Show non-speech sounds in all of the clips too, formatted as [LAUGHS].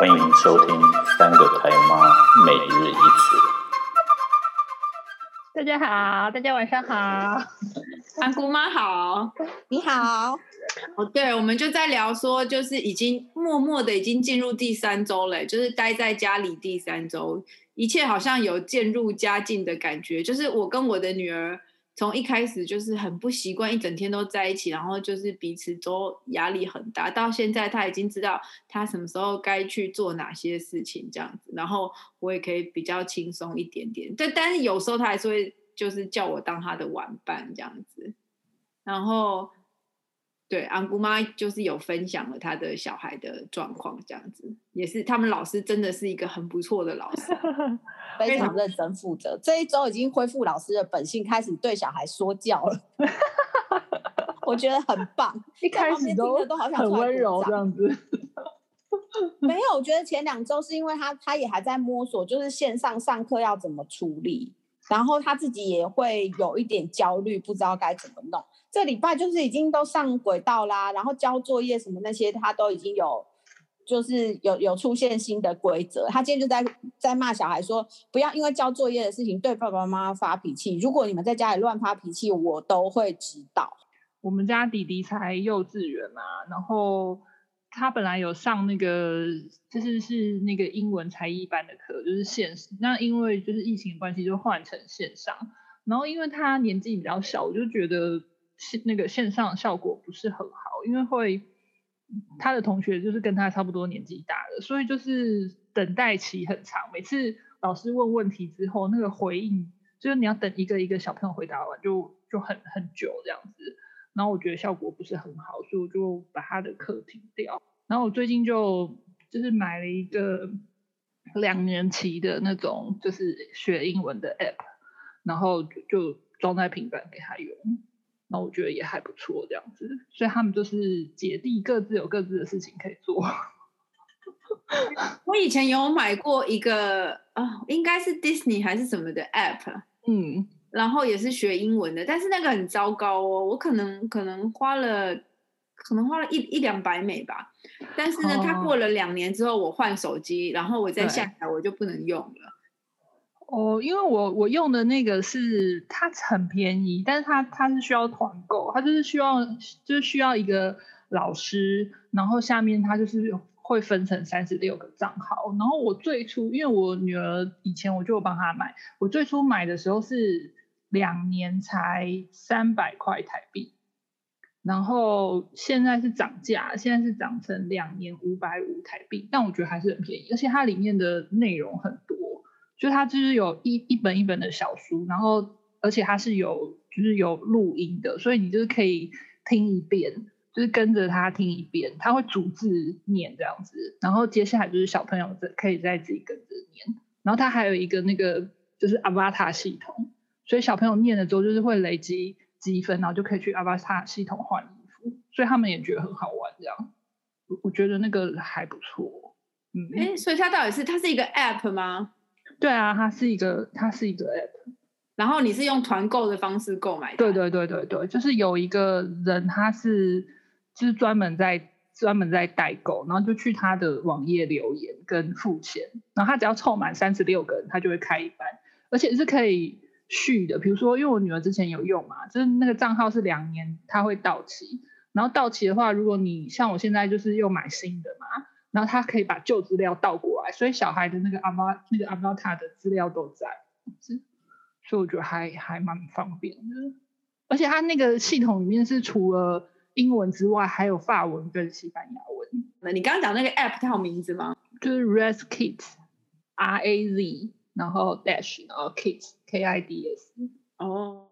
歡迎收聽《三個台媽每日一詞》。大家好，大家晚上好，三 [LAUGHS] 姑媽好，你好。哦，oh, 對，我們就在聊說，就是已經默默的已經進入第三周了，就是待在家裡第三周，一切好像有漸入佳境的感覺。就是我跟我的女兒。從一開始就是很不習慣一整天都在一起，然後就是彼此都壓力很大。到現在他已經知道他什麼時候該去做哪些事情這樣子，然後我也可以比較輕鬆一點點。對，但是有時候他還是會就是叫我當他的玩伴這樣子，然後。對，安姑媽，就是有分享了她的小孩的狀況，這樣子也是他們老師真的是一個很不錯的老師， [LAUGHS] 非常認真負責。這一周已經恢復老師的本性，開始對小孩說教了， [LAUGHS] [LAUGHS] 我覺得很棒。一開始都， [LAUGHS] 聽都好像很溫柔這樣子， [LAUGHS] [LAUGHS] 沒有，我覺得前兩周是因為他他也還在摸索，就是線上上課要怎麼處理，然後他自己也會有一點焦慮，不知道該怎麼弄。這禮拜就是已經都上軌道啦，然後交作業什麼那些，他都已經有，就是有有出現新的規則。他今天就在在罵小孩說，不要因為交作業的事情對爸爸媽媽發脾氣。如果你們在家裡亂發脾氣，我都會知道。我們家弟弟才幼稚園嘛，然後他本來有上那個就是是那個英文才藝班的課，就是線，那因為就是疫情關係就換成線上。然後因為他年紀比較小，我就覺得。線那個線上效果不是很好，因為會他的同學就是跟他差不多年紀大的，所以就是等待期很長。每次老師問問題之後，那個回應就是你要等一個一個小朋友回答完，就就很很久這樣子。然後我覺得效果不是很好，所以我就把他的課停掉。然後我最近就就是買了一個兩年期的那種就是學英文的 App，然後就裝在平板給他用。我覺得也還不錯，這樣子，所以他們就是姐弟各自有各自的事情可以做。我以前有買過一個啊、哦，應該是 Disney 還是什麼的 app，嗯，然後也是學英文的，但是那個很糟糕哦，我可能可能花了，可能花了一一兩百美吧，但是呢，哦、它過了兩年之後，我換手機，然後我再下載我就不能用了。哦，因為我我用的那個是它很便宜，但是它它是需要團購，它就是需要就是需要一個老師，然後下面它就是會分成三十六個賬號，然後我最初因為我女兒以前我就幫她買，我最初買的時候是兩年才三百塊台幣，然後現在是漲價，現在是漲成兩年五百五台幣，但我覺得還是很便宜，而且它裡面的內容很多。就它就是有一一本一本的小書，然後而且它是有就是有錄音的，所以你就是可以聽一遍，就是跟着它聽一遍，它會逐字念這樣子，然後接下來就是小朋友再可以再自己跟着念，然後它還有一個那個就是 Avatar 系統，所以小朋友念了之後就是會累積積分，然後就可以去 Avatar 系統換衣服，所以他們也覺得很好玩這樣，我我覺得那個還不錯，哎，嗯，欸，所以它到底是它是一個 App 嗎？對啊，它是一個，它是一個 app，然後你是用團購的方式購買的。對對對對對，就是有一個人，他是就是專門在專門在代購，然後就去他的網頁留言跟付錢，然後他只要湊滿三十六個人，他就會開一班，而且是可以續的。比如說，因為我女兒之前有用嘛，就是那個賬號是兩年，他會到期，然後到期的話，如果你像我現在就是又買新的嘛。然後他可以把舊資料倒過來，所以小孩的那個阿瑪，那個阿瑪塔的資料都在，是，所以我覺得還還蠻方便的。而且他那個系統裡面是除了英文之外，還有法文跟西班牙文。那你剛剛講的那個 app 它有名字嗎？就是 Raz Kids，R A Z，然後 dash，然後 Kids，K I D S。哦，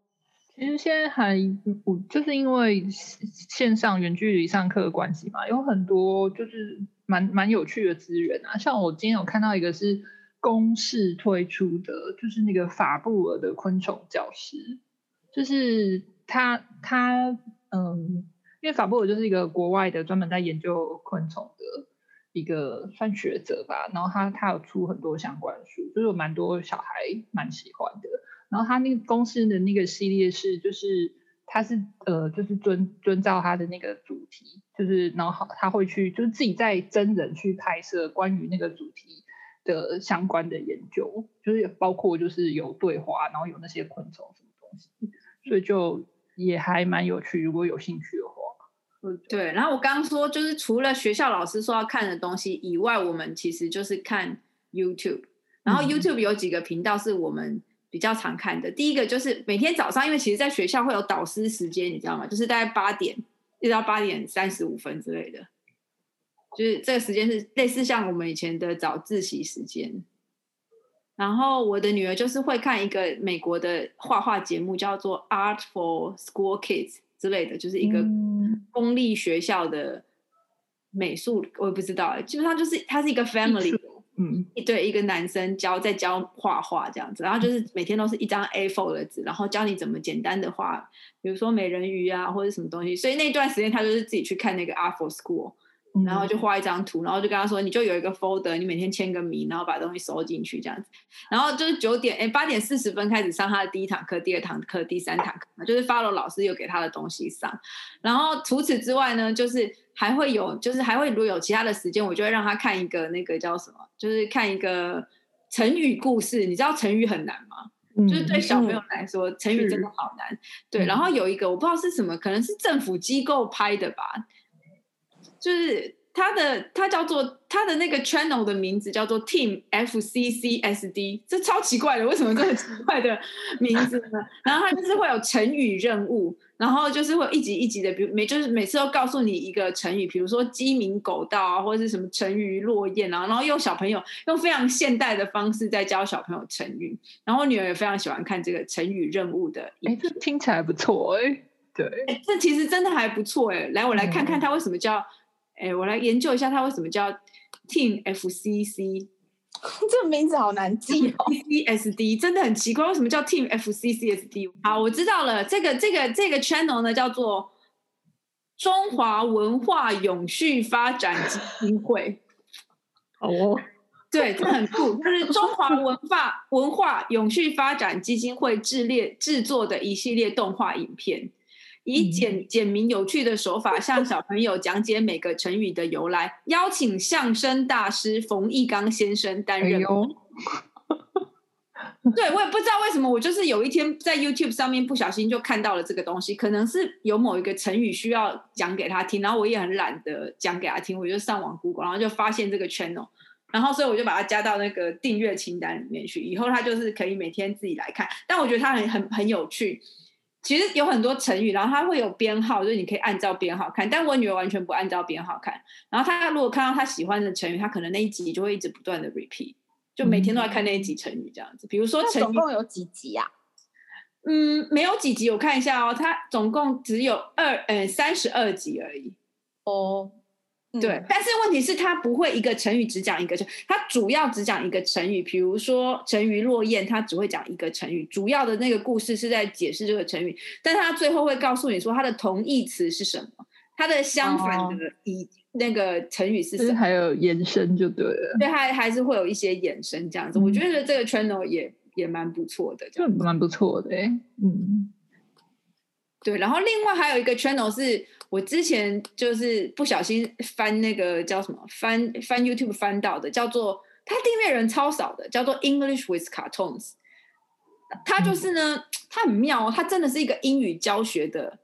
其實現在還就是因為線上遠距離上課的關係嘛，有很多就是。蠻蠻有趣的資源啊，像我今天有看到一個是公視推出的，就是那個法布爾的《昆蟲教室》，就是他他嗯，因為法布爾就是一個國外的專門在研究昆蟲的一個算學者吧，然後他他有出很多相關書，就是有蠻多小孩蠻喜歡的。然後他那個公視的那個系列是，就是他是呃，就是遵遵照他的那個主題。就是，然後他會去，就是自己在真人去拍攝關於那個主題的相關的研究，就是也包括就是有對話，然後有那些昆蟲什麼東西，所以就也還蠻有趣。如果有興趣的話，對。然後我剛剛說，就是除了學校老師說要看的東西以外，我們其實就是看 YouTube，然後 YouTube 有幾個頻道是我們比較常看的。嗯，第一個就是每天早上，因為其實在學校會有導師時間，你知道嗎？就是大概八點。一直到八點三十五分之類的，就是這個時間是類似像我們以前的早自習時間。然後我的女兒就是會看一個美國的畫畫節目，叫做《Art for School Kids》之類的，就是一個公立學校的美術，嗯、我也不知道，基本上就是它是一個 family。一、嗯、對，一個男生教在教畫畫這樣子，然後就是每天都是一張 A4 的紙，然後教你怎麼簡單的畫，比如說美人魚啊或者什麼東西。所以那段時間他就是自己去看那個 Art for School。然後就畫一張圖，然後就跟他說，你就有一個 folder，你每天簽個名，然後把東西收進去這樣子。然後就是九點，哎，八點四十分開始上他的第一堂課、第二堂課、第三堂課，就是 follow 老師有給他的東西上。然後除此之外呢，就是還會有，就是還會如果有其他的時間，我就會讓他看一個那個叫什麼，就是看一個成語故事。你知道成語很難嗎？嗯、就是對小朋友來說，成語真的好難。是對，然後有一個我不知道是什麼，可能是政府機構拍的吧。就是他的，他叫做他的那個 channel 的名字叫做 Team FCCSD，這超奇怪的，為什麼這麼奇怪的名字呢？ [LAUGHS] 然後他就是會有成語任務，然後就是會一集一集的，比如每就是每次都告訴你一個成語，比如說雞鳴狗盜啊，或者是什麼沉魚落雁啊，然後用小朋友用非常現代的方式在教小朋友成語。然後我女兒也非常喜歡看這個成語任務的，哎、欸，這聽起來不錯哎，對、欸，這其實真的還不錯哎，來我來看看他為什麼叫。嗯哎，我來研究一下它為什麼叫 Team FCC。這名字好難記哦。CSD [LAUGHS] 真的很奇怪，為什麼叫 Team FCCSD？好，我知道了，這個這個這個 channel 呢叫做中華文化永續發展基金會。哦， [LAUGHS] 對，這很酷，它 [LAUGHS] 是中華文化文化永續發展基金會製列製作的一系列動畫影片。以簡簡明有趣的手法，嗯、向小朋友講解每個成語的由來，邀請相聲大師馮翊綱先生擔任。哎、呦 [LAUGHS] 對，我也不知道為什麼，我就是有一天在 YouTube 上面不小心就看到了這個東西，可能是有某一個成語需要講給他聽，然後我也很懶得講給他聽，我就上網 Google，然後就發現這個 channel，然後所以我就把它加到那個訂閱清單裡面去，以後他就是可以每天自己來看。但我覺得他很很很有趣。其實有很多成語，然後他會有編號，就是你可以按照編號看。但我女兒完全不按照編號看，然後她如果看到她喜歡的成語，她可能那一集就會一直不斷的 repeat，就每天都要看那一集成語這樣子。嗯，比如說成語，總共有幾集啊？嗯，沒有幾集，我看一下哦，它總共只有二嗯三十二集而已。哦。對，嗯、但是問題是，他不會一個成語只講一個成語，就他主要只講一個成語，比如說“沉魚落雁”，他只會講一個成語，主要的那個故事是在解釋這個成語，但他最後會告訴你說他的同義詞是什麼，他的相反的以、哦、那個成語是什麼，是還有延伸就對了，對，還還是會有一些延伸這樣子。嗯、我覺得這個 channel 也也蠻不錯的，就蠻不錯的，哎，嗯，對，然後另外還有一個 channel 是我之前就是不小心翻那個叫什麼，翻翻 YouTube 翻到的，叫做它訂閱人超少的，叫做 English with Cartoons。它就是呢，它很妙哦，它真的是一個英語教學的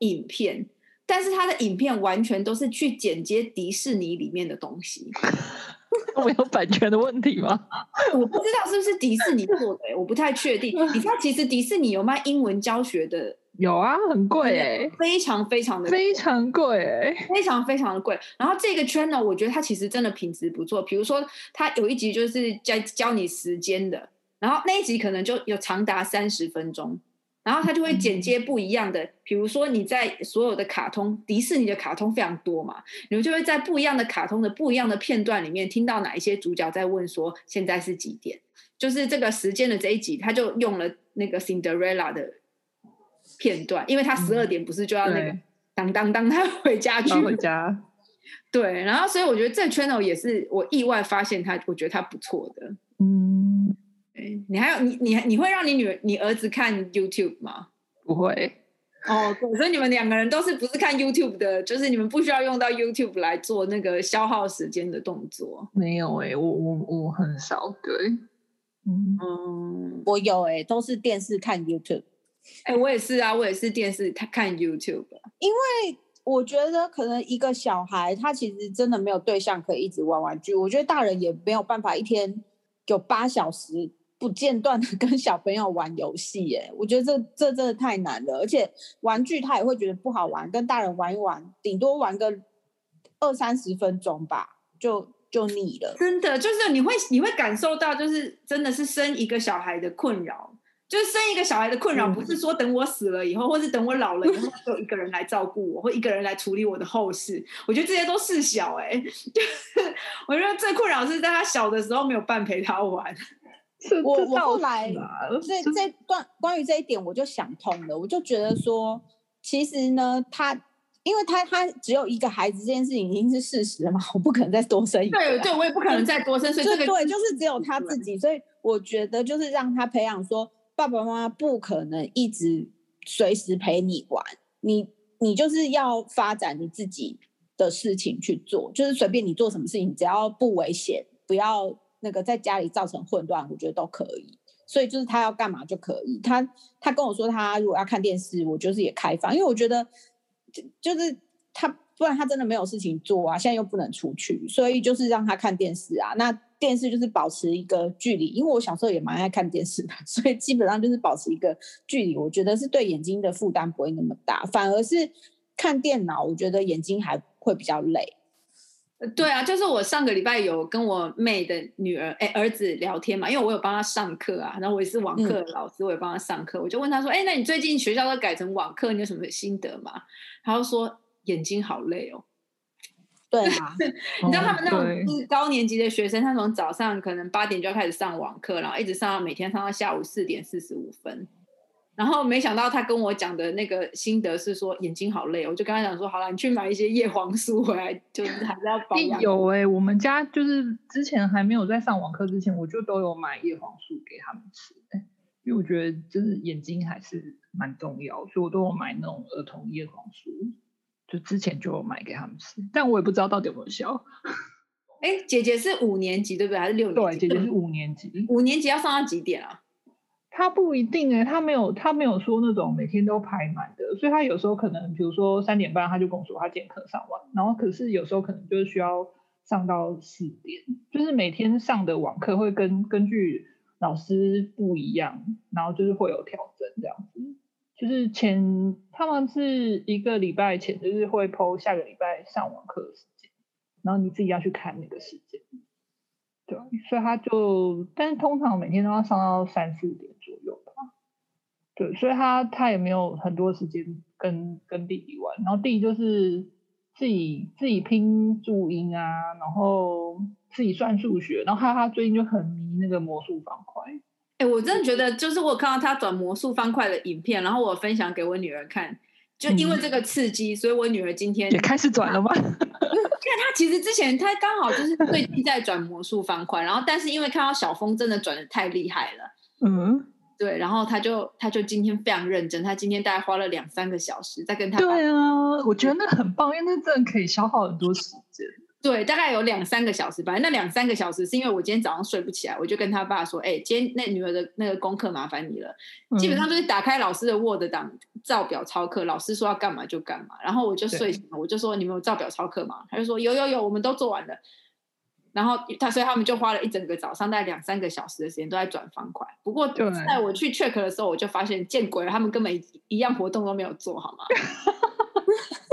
影片，但是它的影片完全都是去剪接迪士尼裡面的東西。沒有版權的問題嗎？ [LAUGHS] 我不知道是不是迪士尼做的、欸，我不太確定。你知道，其實迪士尼有賣英文教學的。有啊，很貴誒、欸，非常非常的非常貴、欸，非常非常的貴。然後這個 channel 呢，我覺得它其實真的品質不錯。比如說，它有一集就是在教你時間的，然後那一集可能就有長達三十分鐘，然後它就會剪接不一樣的。嗯、比如說你在所有的卡通，迪士尼的卡通非常多嘛，你們就會在不一樣的卡通的不一樣的片段裡面聽到哪一些主角在問說，現在是幾點？就是這個時間的這一集，他就用了那個 Cinderella 的片段，因為他十二點不是就要那個當當當，他回家去、嗯。回家。 [LAUGHS] 對，然後所以我覺得這 channel 也是我意外發現他，我覺得他不錯的。嗯。你還有你你你會讓你女兒你兒子看 YouTube 嗎？不會。哦對，所以你們兩個人都是不是看 YouTube 的？ [LAUGHS] 就是你們不需要用到 YouTube 來做那個消耗時間的動作。沒有哎、欸，我我我很少對。嗯。我有哎、欸，都是電視看 YouTube。哎、欸，我也是啊，我也是電視他看 YouTube，因為我覺得可能一個小孩他其實真的沒有對象可以一直玩玩具，我覺得大人也沒有辦法一天有八小時不間斷的跟小朋友玩遊戲，耶，我覺得這這真的太難了，而且玩具他也會覺得不好玩，跟大人玩一玩，頂多玩個二三十分鐘吧，就就膩了，真的就是你會你會感受到，就是真的是生一個小孩的困擾。就是生一個小孩的困擾，不是說等我死了以後，嗯、或是等我老了以後，就一個人來照顧我， [LAUGHS] 或一個人來處理我的後事。我覺得這些都事小哎、欸， [LAUGHS] 我覺得最困擾是在他小的時候沒有伴陪他玩。我我後來所以 [LAUGHS] 這段關於這一點，我就想通了，我就覺得說，其實呢，他因為他他只有一個孩子這件事情已經是事實了嘛，我不可能再多生一個對，對我也不可能再多生，嗯、就所這個對就是只有他自己，嗯、所以我覺得就是讓他培養說。爸爸媽媽不可能一直隨時陪你玩，你你就是要發展你自己的事情去做，就是隨便你做什麼事情，只要不危險，不要那個在家裡造成混亂，我覺得都可以。所以就是他要幹嘛就可以。他他跟我說，他如果要看電視，我就是也開放，因為我覺得就就是他。不然他真的沒有事情做啊，現在又不能出去，所以就是讓他看電視啊。那電視就是保持一個距離，因為我小時候也蠻愛看電視的，所以基本上就是保持一個距離，我覺得是對眼睛的負擔不會那麼大，反而是看電腦，我覺得眼睛還會比較累。對啊，就是我上個禮拜有跟我妹的女兒，哎，兒子聊天嘛，因為我有幫他上課啊，然後我也是網課的老師，我也幫他上課，嗯、我就問他說：“哎，那你最近學校都改成網課，你有什麼心得嗎？”他就說。眼睛好累哦，對啊，哦、對 [LAUGHS] 你知道他們那種高年級的學生，他從早上可能八點就要開始上網課，然後一直上到每天上到下午四點四十五分，然後沒想到他跟我講的那個心得是說眼睛好累。哦，我就跟他講說好了，你去買一些葉黃素回來，就是還是要保養。有哎、欸，我們家就是之前還沒有在上網課之前，我就都有買葉黃素給他們吃，因為我覺得就是眼睛還是蠻重要，所以我都有買那種兒童葉黃素。就之前就有買給他們吃，但我也不知道到底有沒有效。哎、欸，姐姐是五年級對不對？還是六年級？對，姐姐是五年級。五年級要上到幾點啊？他不一定哎、欸，他沒有他沒有說那種每天都排滿的，所以他有時候可能比如說三點半他就跟我說他見課上完，然後可是有時候可能就是需要上到四點，就是每天上的網課會跟根據老師不一樣，然後就是會有調整這樣子。就是前他們是一個禮拜前，就是會 po 下個禮拜上網課的時間，然後你自己要去看那個時間。對，所以他就，但是通常每天都要上到三四點左右吧。對，所以他他也沒有很多時間跟跟弟弟玩，然後弟弟就是自己自己拼注音啊，然後自己算數學，然後他他最近就很迷那個魔術方塊。哎、欸，我真的覺得，就是我看到他轉魔術方塊的影片，然後我分享給我女兒看，就因為這個刺激，嗯、所以我女兒今天也開始轉了嗎？ [LAUGHS] 因為他其實之前他剛好就是最近在轉魔術方塊，然後但是因為看到小峰真的轉得太厲害了，嗯，對，然後他就他就今天非常認真，他今天大概花了兩三個小時在跟他。對啊，我覺得那很棒，因為那真的可以消耗很多時間。對，大概有兩三個小時，反正那兩三個小時是因為我今天早上睡不起來，我就跟他爸說，哎，今天那女兒的那個功課麻煩你了。嗯、基本上就是打開老師的 Word 檔，照表操課，老師說要幹嘛就幹嘛，然後我就睡醒了，對我就說你們有照表操課嗎？他就說有有有，我們都做完了。然後他，所以他們就花了一整個早上，大概兩三個小時的時間都在轉方塊。不過對耶 在我去 check 的時候，我就發現見鬼了，他們根本一樣活動都沒有做好嗎？ [LAUGHS]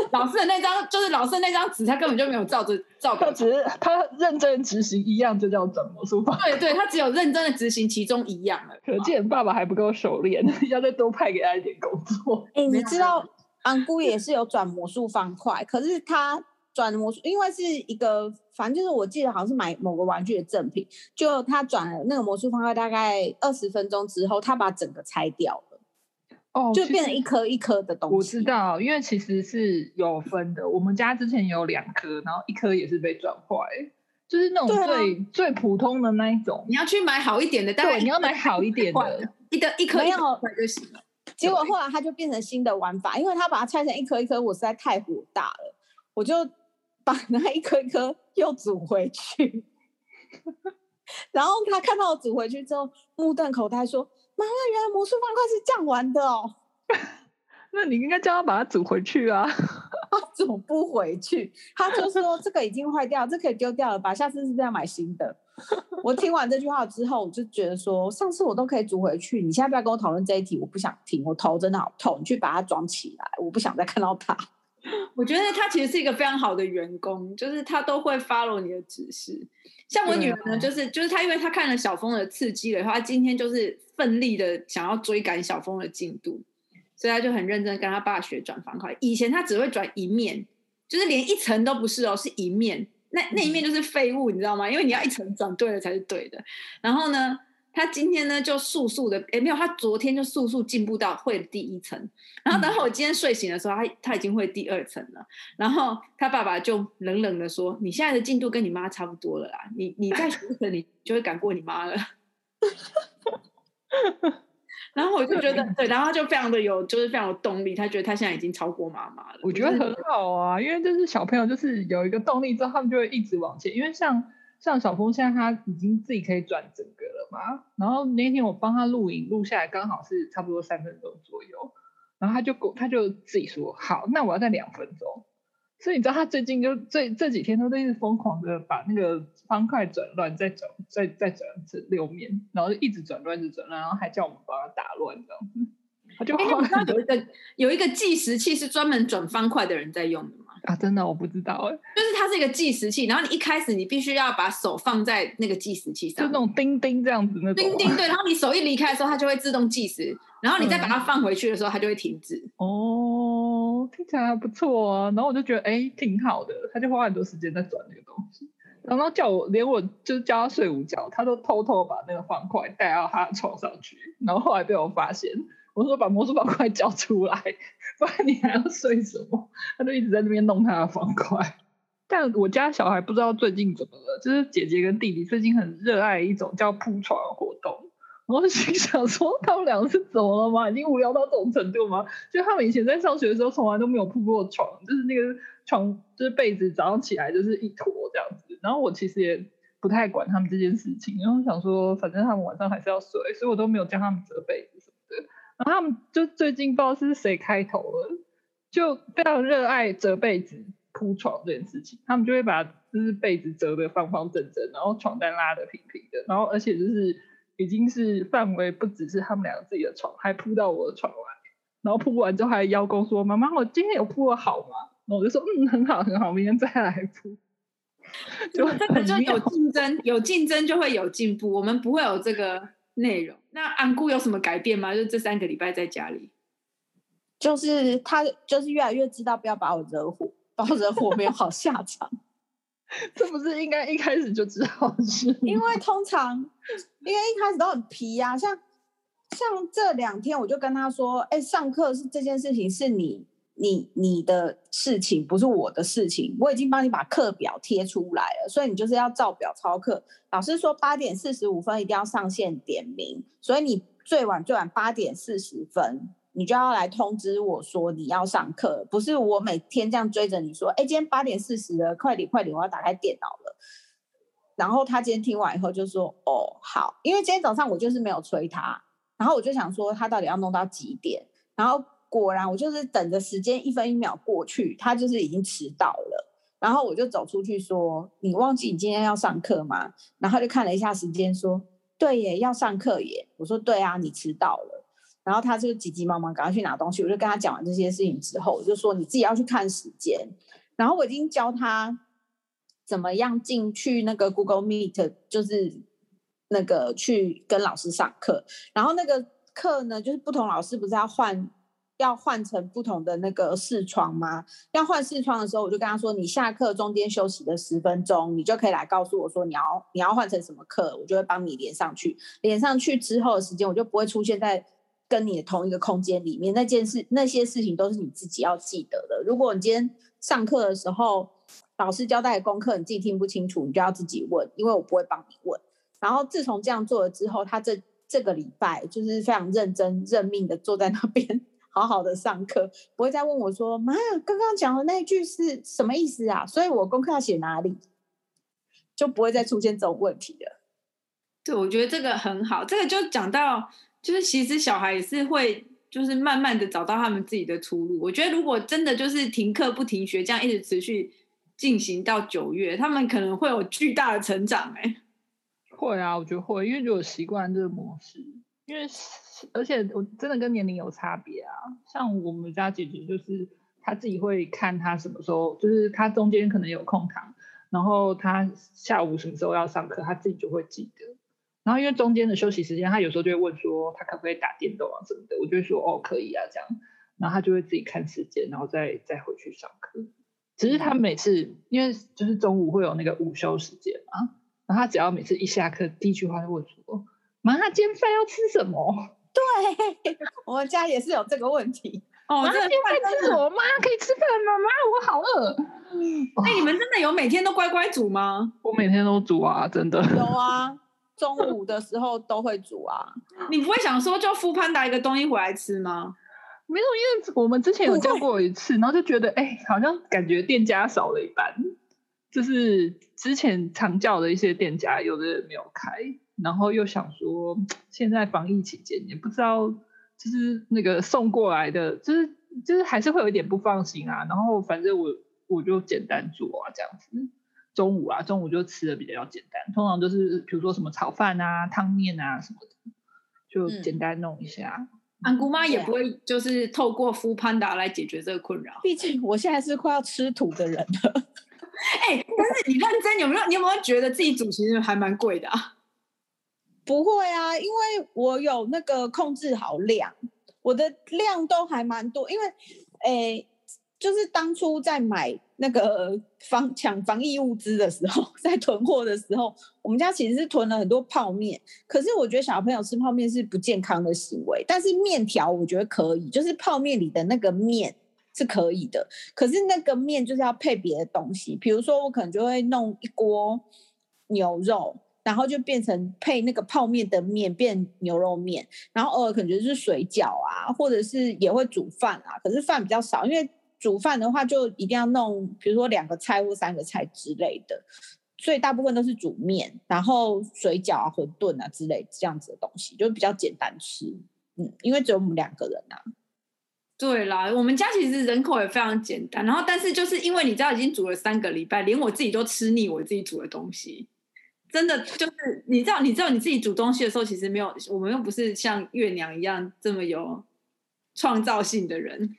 [LAUGHS] 老師的那張就是老師的那張紙，他根本就沒有照着照片，只是他認真執行一樣就叫轉魔術方塊。對對，他只有認真的執行其中一樣了。 [LAUGHS] 可見爸爸還不夠熟練，要再多派給他一點工作。欸、你知道安姑、 [LAUGHS] 嗯、也是有轉魔術方塊，可是他。轉魔術，因為是一個，反正就是我記得好像是買某個玩具的贈品，就他轉了那個魔術方塊，大概二十分鐘之後，他把整個拆掉了，哦，就變成一顆一顆的東西。我知道，因為其實是有分的，我們家之前有兩顆，然後一顆也是被轉壞，就是那種最、啊、最普通的那一種。你要去買好一點的，待會對個你要買好一點的，一個一顆要，就行了。有對結果後來他就變成新的玩法，因為他把它拆成一顆一顆，我實在太火大了，我就。把那一顆顆又組回去， [LAUGHS] 然後他看到我組回去之後，目瞪口呆說：“媽呀、啊，原來魔術方塊是這樣玩的哦！” [LAUGHS] 那你應該叫他把它組回去啊， [LAUGHS] 他組不回去，他就說：“ [LAUGHS] 這個已經壞掉，這個、可以丟掉了，吧？下次是不是要買新的。 [LAUGHS] ”我聽完這句話之後，我就覺得說：“上次我都可以組回去，你現在不要跟我討論這一題，我不想聽，我頭真的好痛，你去把它裝起來，我不想再看到它。”我覺得他其實是一個非常好的員工，就是他都會 follow 你的指示。像我女兒呢，啊、就是就是她，因為她看了小峰的刺激的話，她今天就是奮力的想要追趕小峰的進度，所以她就很認真跟他爸學轉方塊。以前他只會轉一面，就是連一層都不是哦，是一面。那那一面就是廢物，你知道嗎？因為你要一層轉對了才是對的。然後呢，他今天呢就速速的，哎、欸，沒有，他昨天就速速進步到會第一層，然後等我今天睡醒的時候，嗯、他他已經會第二層了。然後他爸爸就冷冷的說：“你現在的進度跟你媽差不多了啦，你你再學一層，你就會趕過你媽了。” [LAUGHS] [LAUGHS] 然後我就覺得，對，然後就非常的有，就是非常有動力。他覺得他現在已經超過媽媽了。我覺得很好啊，因為就是小朋友就是有一個動力之後，他們就會一直往前。因為像像小峰現在他已經自己可以轉整個。了嗎？然後那天我幫他錄影錄下來，剛好是差不多三分鐘左右。然後他就他就自己說好，那我要再兩分鐘。所以你知道他最近就這這幾天，他都是瘋狂的把那個方塊轉亂，再轉再再轉這六面，然後就一直轉亂，一直轉亂，然後還叫我們幫他打亂的，你知道嗎？他就好像有一個有一個計時器是專門轉方塊的人在用的。啊，真的？我不知道哎，就是它是一個計時器，然後你一開始你必須要把手放在那個計時器上，就那種叮叮這樣子那種。叮叮，對，然後你手一離開的時候，它就會自動計時，然後你再把它放回去的時候，嗯、它就會停止。哦，聽起來還不錯啊，然後我就覺得哎、欸、挺好的，他就花很多時間在轉那個東西，然後叫我連我就是叫他睡午覺，他都偷偷把那個方塊帶到他床上去，然後後來被我發現。我說，把魔術方塊交出來，不然你還要睡什麼？他就一直在那邊弄他的方塊。但我家小孩不知道最近怎麼了，就是姐姐跟弟弟最近很熱愛一種叫鋪床活動。我就心想說他們倆是怎麼了嘛？已經無聊到這種程度嗎？就他們以前在上學的時候從來都沒有鋪過床，就是那個床就是被子早上起來就是一坨這樣子。然後我其實也不太管他們這件事情，因為我想說反正他們晚上還是要睡，所以我都沒有叫他們折被。然後他們就最近不知道是誰開頭了，就非常熱愛折被子、鋪床這件事情。他們就會把就是被子折得方方正正，然後床單拉得平平的。然後而且就是已經是範圍不只是他們兩個自己的床，還鋪到我的床外。然後鋪完之後還邀功說：“媽媽，我今天有鋪的好嗎？”然後我就說：“嗯，很好，很好，明天再來鋪。”就很 [LAUGHS] 就有競爭，有競爭就會有進步。我們不會有這個。內容那安固有什麼改變嗎？就這三個禮拜在家裡，就是他就是越來越知道不要把我惹火，把我惹火沒有好下場。 [LAUGHS] 這不是應該一開始就知道是？因為通常因為一開始都很皮呀、啊，像像這兩天我就跟他說，哎、欸，上課是這件事情是你，你你的事情，不是我的事情，我已經幫你把課表貼出來了，所以你就是要照表操課。老師說八點四十五分一定要上線點名，所以你最晚最晚八點四十分，你就要來通知我說你要上課。不是我每天這樣追着你說，哎，今天八點四十了，快點快點，我要打開電腦了。然後他今天聽完以後就說，哦好，因為今天早上我就是沒有催他，然後我就想說他到底要弄到幾點，然後。果然，我就是等着時間一分一秒過去，他就是已經遲到了。然後我就走出去說：“你忘記你今天要上課嗎？”然後就看了一下時間，說：“對耶，要上課耶。”我說：“對啊，你遲到了。”然後他就急急忙忙趕快去拿東西。我就跟他講完這些事情之後，我就說：“你自己要去看時間。”然後我已經教他怎麼樣進去那個 Google Meet，就是那個去跟老師上課。然後那個課呢，就是不同老師不是要換。要換成不同的那個視窗嗎？要換視窗的時候，我就跟他說：“你下課中間休息的十分鐘，你就可以來告訴我說你要你要換成什麼課，我就會幫你連上去。連上去之後的時間，我就不會出現在跟你的同一個空間裡面。那件事那些事情都是你自己要記得的。如果你今天上課的時候老師交代的功課你自己聽不清楚，你就要自己問，因為我不會幫你問。然後自從這樣做了之後，他這這個禮拜就是非常認真認命的坐在那邊。”好好的上課，不會再問我說：“媽呀，剛剛講的那一句是什麼意思啊？”所以，我功課要寫哪裡，就不會再出現這種問題了。對，我覺得這個很好。這個就講到，就是其實小孩也是會，就是慢慢的找到他們自己的出路。我覺得，如果真的就是停課不停學，這樣一直持續進行到九月，他們可能會有巨大的成長、欸。誒，會啊，我覺得會，因為就有習慣這個模式。因為而且我真的跟年齡有差別啊，像我們家姐姐就是她自己會看她什麼時候，就是她中間可能有空堂，然後她下午什麼時候要上課，她自己就會記得。然後因為中間的休息時間，她有時候就會問說她可不可以打電動啊什麼的，我就會說哦，可以啊這樣，然後她就會自己看時間，然後再再回去上課。只是她每次因為就是中午會有那個午休時間嘛，然後她只要每次一下課，第一句話就問說媽媽，今天要吃什麼？對，我們家也是有這個問題。媽媽、喔、今天要吃什麼？媽媽可以吃飯嗎？媽媽，我好餓。哎、欸，哇你們真的有每天都乖乖煮嗎？我每天都煮啊，真的有啊，中午的時候都會煮啊。 [LAUGHS] 你不會想說就 foodpanda 一個東西回來吃嗎？沒有意思。我們之前有叫過一次，會然後就覺得哎、欸，好像感覺店家少了一半，就是之前常叫的一些店家，有的也沒有開。然後又想說，現在防疫期間也不知道，就是那個送過來的，就是就是還是會有一點不放心啊。然後反正我我就簡單做啊，這樣子。中午啊，中午就吃的比較簡單，通常就是比如說什麼炒飯啊、湯面啊什麼的，就簡單弄一下。俺、嗯嗯、姑媽也不會就是透過 Foodpanda 來解決這個困擾，畢竟我現在是快要吃土的人了。哎、 [LAUGHS] 欸，但是你認真有沒有？你有沒有？你有沒有覺得自己煮其實還蠻貴的啊？不會啊，因為我有那個控制好量，我的量都還蠻多。因為，誒，就是當初在買那個防搶防疫物資的時候，在囤貨的時候，我們家其實是囤了很多泡麵。可是我覺得小朋友吃泡麵是不健康的行為，但是麵條我覺得可以，就是泡麵裡的那個麵是可以的。可是那個麵就是要配別的東西，比如說我可能就會弄一鍋牛肉。然後就變成配那個泡面的麵，變牛肉麵。然後偶爾可能就是水餃啊，或者是也會煮飯啊，可是飯比較少，因為煮飯的話就一定要弄，比如說兩個菜或三個菜之類的。所以大部分都是煮麵，然後水餃啊、餛飩啊之類這樣子的東西，就比較簡單吃。嗯，因為只有我們兩個人啊。對啦，我們家其實人口也非常簡單。然後，但是就是因為你知道，已經煮了三個禮拜，連我自己都吃膩我自己煮的東西。真的就是你知道，你知道你自己煮東西的時候，其實沒有我們又不是像月娘一樣這麼有創造性的人，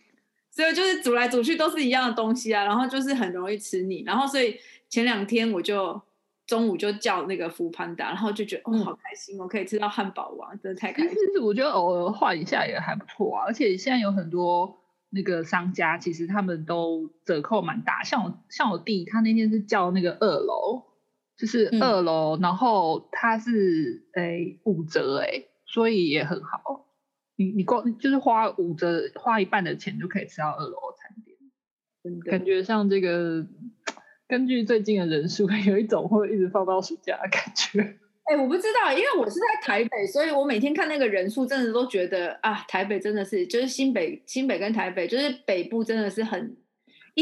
所以就是煮來煮去都是一樣的東西啊，然後就是很容易吃膩，然後所以前兩天我就中午就叫那個福潘達，然後就覺得哦好開心，我可以吃到漢堡王啊，真的太開心。其，其實我覺得偶爾換一下也還不錯啊，而且現在有很多那個商家，其實他們都折扣蠻大，像我像我弟他那天是叫那個二樓。就是二樓，嗯、然後它是誒、欸、五折誒、欸，所以也很好。你你光就是花五折，花一半的錢就可以吃到二樓餐點。的感覺像這個，根據最近的人數，有一種會一直放到暑假的感覺。哎、欸，我不知道，因為我是在台北，所以我每天看那個人數，真的都覺得啊，台北真的是就是新北、新北跟台北，就是北部真的是很。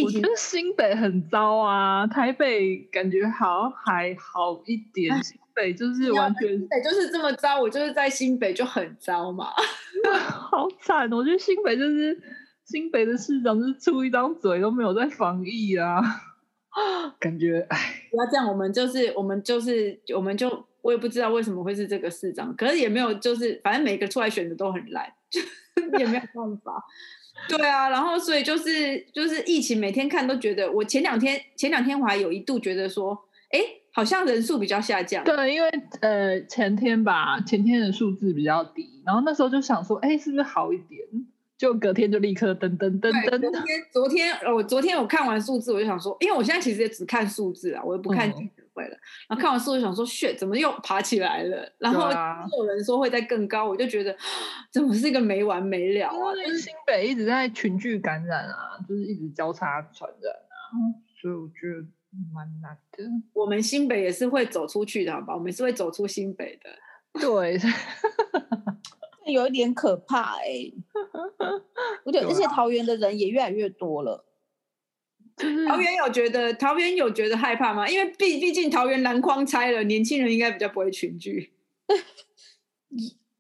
我覺得新北很糟啊，台北感覺好還好一點，新北就是完全新北就是這麼糟。我就是在新北就很糟嘛， [LAUGHS] [LAUGHS] 好慘。我覺得新北就是新北的市長是出一張嘴都沒有在防疫啊，感覺哎不要這樣，我們就是我們就是我們就我也不知道為什麼會是這個市長，可是也沒有就是反正每個出來選的都很爛，就也沒有辦法。 [LAUGHS] 對啊，然後所以就是就是疫情，每天看都覺得。我前兩天前兩天我還有一度覺得說，哎，好像人數比較下降。對，因為呃前天吧，前天的數字比較低，然後那時候就想說，哎，是不是好一點？就隔天就立刻噔噔噔噔。昨天，我昨天我看完數字，我就想說，因為我現在其實也只看數字啊，我又不看、嗯會了，然後看完書我想說，血怎麼又爬起來了？然後有人說會再更高，我就覺得怎麼是一個沒完沒了啊！對就是新北一直在群聚感染啊，就是一直交叉傳染啊，所以我覺得蠻難的。就是我們新北也是會走出去的好吧？我們也是會走出新北的。對， [LAUGHS] 有一點可怕哎，欸。而 [LAUGHS] 且對，啊、而且桃園的人也越來越多了。桃園有覺得桃園有覺得害怕嗎？因為畢畢竟桃園籃筐拆了，年輕人應該比較不會群聚。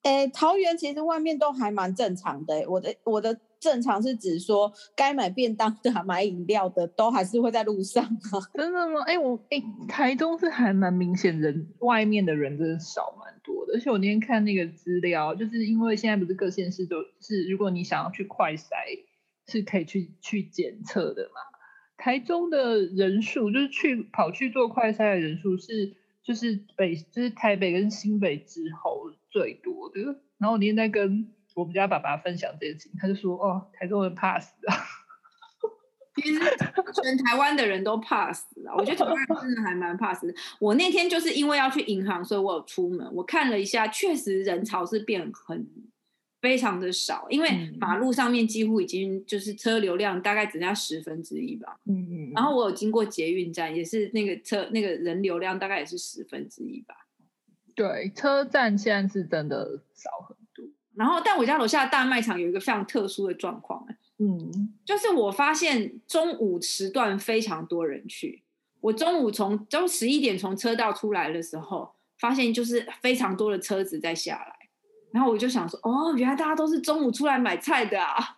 欸、桃園其實外面都還蠻正常的、欸。我的我的正常是指說，該買便當的、買飲料的，都還是會在路上啊。真的嗎？哎、欸，我哎、欸，台中是還蠻明顯，人外面的人真的少蠻多的。而且我那天看那個資料，就是因為現在不是各縣市都是，如果你想要去快篩，是可以去去檢測的嘛。台中的人數，就是去跑去做快篩的人數是，就是北就是台北跟新北之後最多的。然後你也在跟我們家爸爸分享這件事情，他就說：“哦，台中人怕死啊。”其實全台灣的人都怕死啊！ [LAUGHS] 我覺得台灣人真的還蠻怕死的。我那天就是因為要去銀行，所以我有出門，我看了一下，確實人潮是變很。非常的少，因為馬路上面幾乎已經就是車流量大概只剩下十分之一吧。嗯嗯。然後我有經過捷運站，也是那個車那個人流量大概也是十分之一吧。對，車站現在是真的少很多。然後，但我家樓下的大賣場有一個非常特殊的狀況，嗯，就是我發現中午時段非常多人去。我中午從中十一點從車道出來的時候，發現就是非常多的車子在下來。然後我就想說，哦，原來大家都是中午出來買菜的啊！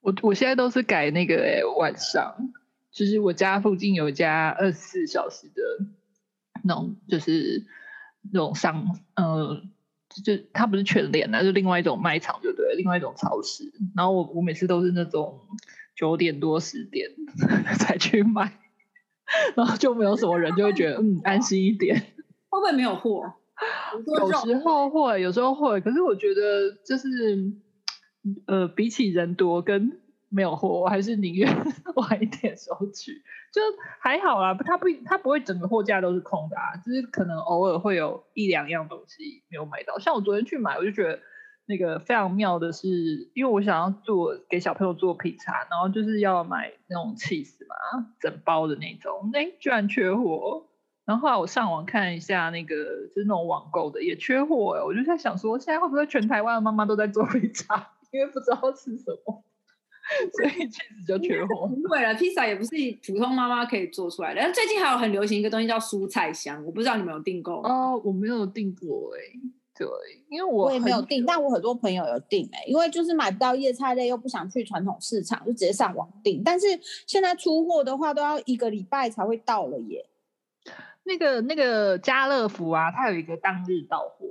我我現在都是改那個、欸、晚上，就是我家附近有一家二十四小時的那種，就是那種商，嗯、呃，就它不是全聯，啊，那就另外一種賣場，對不對？另外一種超市。然後我我每次都是那種九點多十點才去買，然後就沒有什麼人，就會覺得 [LAUGHS] 嗯， [LAUGHS] 安心一點。會不會沒有貨？有時候會，有時候會，可是我覺得就是，呃，比起人多跟沒有貨，我還是寧願晚一點時候去就還好啦。不，它不，它不會整個貨架都是空的啊，就是可能偶爾會有一兩樣東西沒有買到。像我昨天去買，我就覺得那個非常妙的是，因為我想要做給小朋友做披薩，然後就是要買那種 cheese 嘛，整包的那種，哎、欸，居然缺貨。然後後來我上網看一下那個，就是那種網購的也缺貨哎、欸，我就在想說，現在會不會全台灣的媽媽都在做披薩？因為不知道吃什麼，所以其實就缺貨。對了、啊，披薩也不是普通媽媽可以做出來的。然後最近還有很流行一個東西叫蔬菜香，我不知道你們有沒有訂購？哦，我沒有訂過哎，對，因為我我也沒有訂，但我很多朋友有訂哎、欸，因為就是買不到葉菜類，又不想去傳統市場，就直接上網訂。但是現在出貨的話，都要一個禮拜才會到了耶、欸。那個那個家樂福啊，它有一個當日到貨，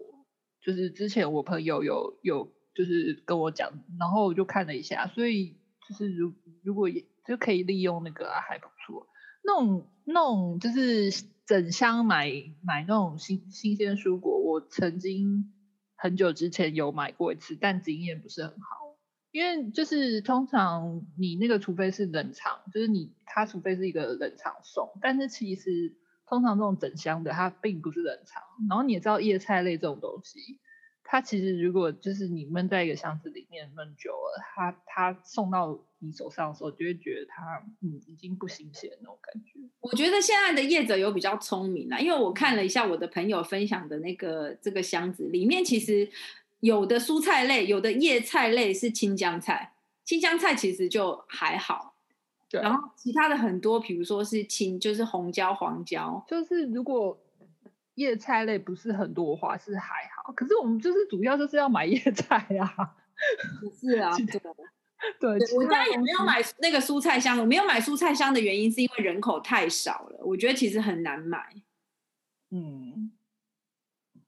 就是之前我朋友有有就是跟我講，然後我就看了一下，所以就是如如果也就可以利用那個啊，還不錯。那種那種就是整箱買買那種新新鮮蔬果，我曾經很久之前有買過一次，但經驗不是很好，因為就是通常你那個除非是冷藏，就是你它除非是一個冷藏送，但是其實。通常這種整箱的，它並不是冷藏。然後你也知道葉菜類這種東西，它其實如果就是你悶在一個箱子裡面悶久了，它它送到你手上的時候，就會覺得它嗯已經不新鮮那種感覺。我覺得現在的業者有比較聰明啦，因為我看了一下我的朋友分享的那個這個箱子裡面，其實有的蔬菜類、有的葉菜類是青江菜，青江菜其實就還好。對然後其他的很多，比如說是青，就是紅椒、黃椒，就是如果葉菜類不是很多的話是還好。可是我們就是主要就是要買葉菜啊，不是啊？ [LAUGHS] 他對，我家也沒有買那個蔬菜箱。我沒有買蔬菜箱的原因是因為人口太少了，我覺得其實很難買。嗯，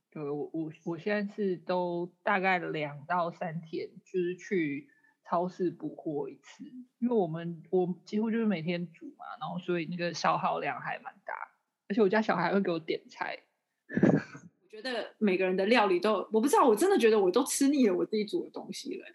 對，我我我現在是都大概兩到三天就是去超市補貨一次，因為我們我幾乎就是每天煮嘛，然後所以那個消耗量還蠻大。而且我家小孩會給我點菜， [LAUGHS] 我覺得每個人的料理都，我不知道我真的覺得我都吃膩了我自己煮的東西了，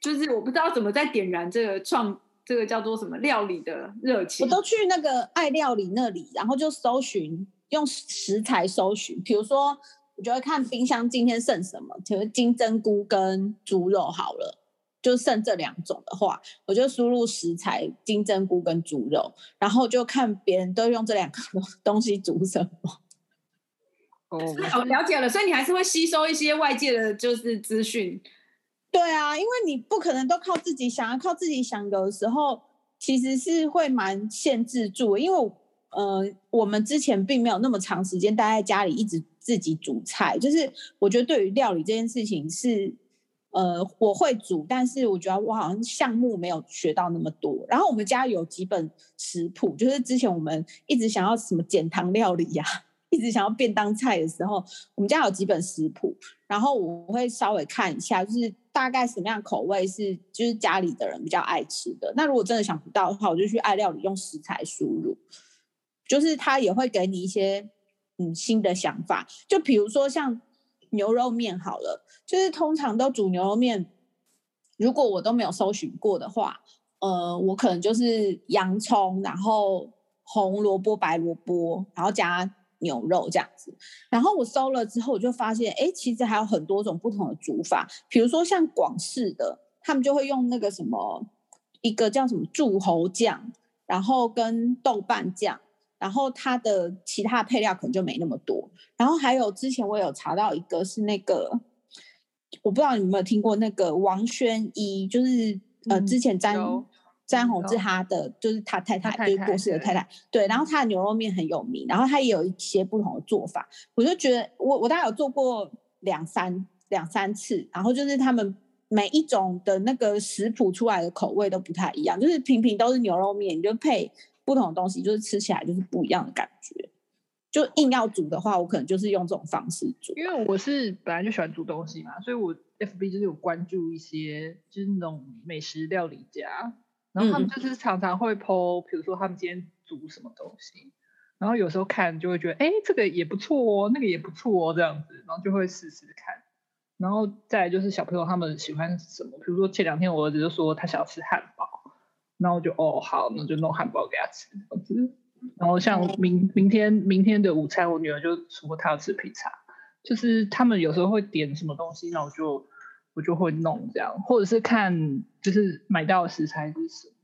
就是我不知道怎麼再點燃這個創這個叫做什麼料理的熱情。我都去那個愛料理那裡，然後就搜尋用食材搜尋，比如說，我就會看冰箱今天剩什麼，就是金針菇跟豬肉好了。就剩這兩種的話，我就輸入食材金針菇跟豬肉，然後就看別人都用這兩個東西煮什麼。Oh, 上哦，我了解了，所以你還是會吸收一些外界的，就是資訊。對啊，因為你不可能都靠自己想，靠自己想有的時候其實是會蠻限制住，因為呃，我們之前並沒有那麼長時間待在家裡一直自己煮菜，就是我覺得對於料理這件事情是。呃，我會煮，但是我覺得我好像項目沒有學到那麼多。然後我們家有幾本食譜，就是之前我們一直想要什麼減糖料理呀，啊，一直想要便當菜的時候，我們家有幾本食譜。然後我會稍微看一下，就是大概什麼樣的口味是就是家裡的人比較愛吃的。那如果真的想不到的話，我就去愛料理用食材輸入，就是他也會給你一些嗯新的想法。就比如說像。牛肉麵好了，就是通常都煮牛肉麵。如果我都沒有搜尋過的話，呃，我可能就是洋蔥，然後紅蘿蔔、白蘿蔔，然後加牛肉這樣子。然後我搜了之後，我就發現，哎，其實還有很多種不同的煮法。比如說像廣式的，他們就會用那個什麼，一個叫什麼柱侯醬，然後跟豆瓣醬。然後它的其他的配料可能就沒那麼多。然後還有之前我有查到一個是那個，我不知道你們有沒有聽過那個王宣一，就是呃，之前詹詹宏志，他的，就是他太太，就是過世的太太。對、對，然後他的牛肉麵很有名，然後他也有一些不同的做法。我就覺得，我我大概有做過兩三兩三次，然後就是他們每一種的那個食譜出來的口味都不太一樣，就是平平都是牛肉麵，你就配。不同的東西就是吃起來就是不一樣的感覺，就硬要煮的話，我可能就是用這種方式煮。因為我是本來就喜歡煮東西嘛，所以我 FB 就是有關注一些就是那種美食料理家，然後他們就是常常會 PO，嗯、比如說他們今天煮什麼東西，然後有時候看就會覺得哎、欸，這個也不錯哦，那個也不錯哦，這樣子，然後就會試試看。然後再來就是小朋友他們喜歡什麼，比如說前兩天我兒子就說他想要吃漢堡。那我就哦好，那就弄漢堡給他吃。這樣子，然後像明明天明天的午餐，我女兒就說她要吃披薩。就是他們有時候會點什麼東西，那我就我就會弄這樣，或者是看就是買到的食材是什麼。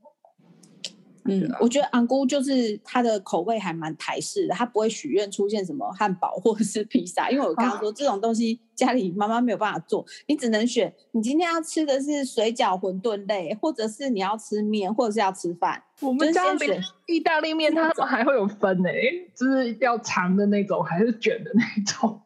嗯，啊、我覺得阿姑就是她的口味還蠻台式的，她不會許願出現什麼漢堡或者是披薩，因為我剛剛說、啊、這種東西家裡媽媽沒有辦法做，你只能選你今天要吃的是水餃、餛飩類，或者是你要吃麵，或者是要吃飯。我們家裡意大利麵它還會有分呢、欸，就是一定要長的那種，還是捲的那種，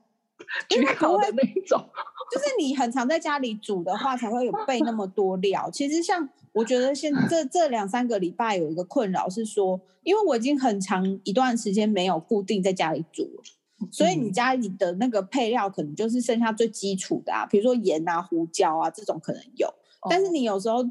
焗烤的那種， [LAUGHS] 就是你很常在家裡煮的話，才會有備那麼多料。 [LAUGHS] 其實像。我覺得現這這兩三個禮拜有一個困擾是說，因為我已經很長一段時間沒有固定在家裡煮了，所以你家裡的那個配料可能就是剩下最基礎的啊，比如說鹽啊、胡椒啊這種可能有，但是你有時候，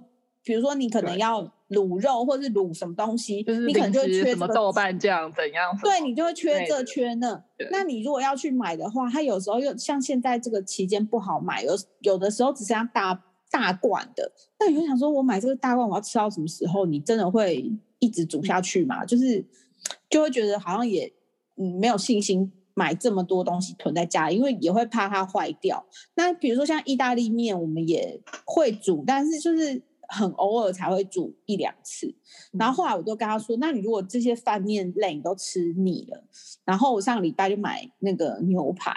比如說你可能要滷肉或是滷什麼東西，你可能就會缺什麼豆瓣醬怎樣？對你就會缺這缺那。那你如果要去買的話，它有時候又像現在這個期間不好買，有有的時候只剩下大。大罐的，那你就想說，我買這個大罐，我要吃到什麼時候？你真的會一直煮下去嗎？就是就會覺得好像也沒有信心買這麼多東西囤在家，因為也會怕它壞掉。那比如說像意大利麵，我們也會煮，但是就是很偶爾才會煮一兩次。然後後來我就跟他說，那你如果這些飯麵類你都吃膩了，然後我上個禮拜就買那個牛排。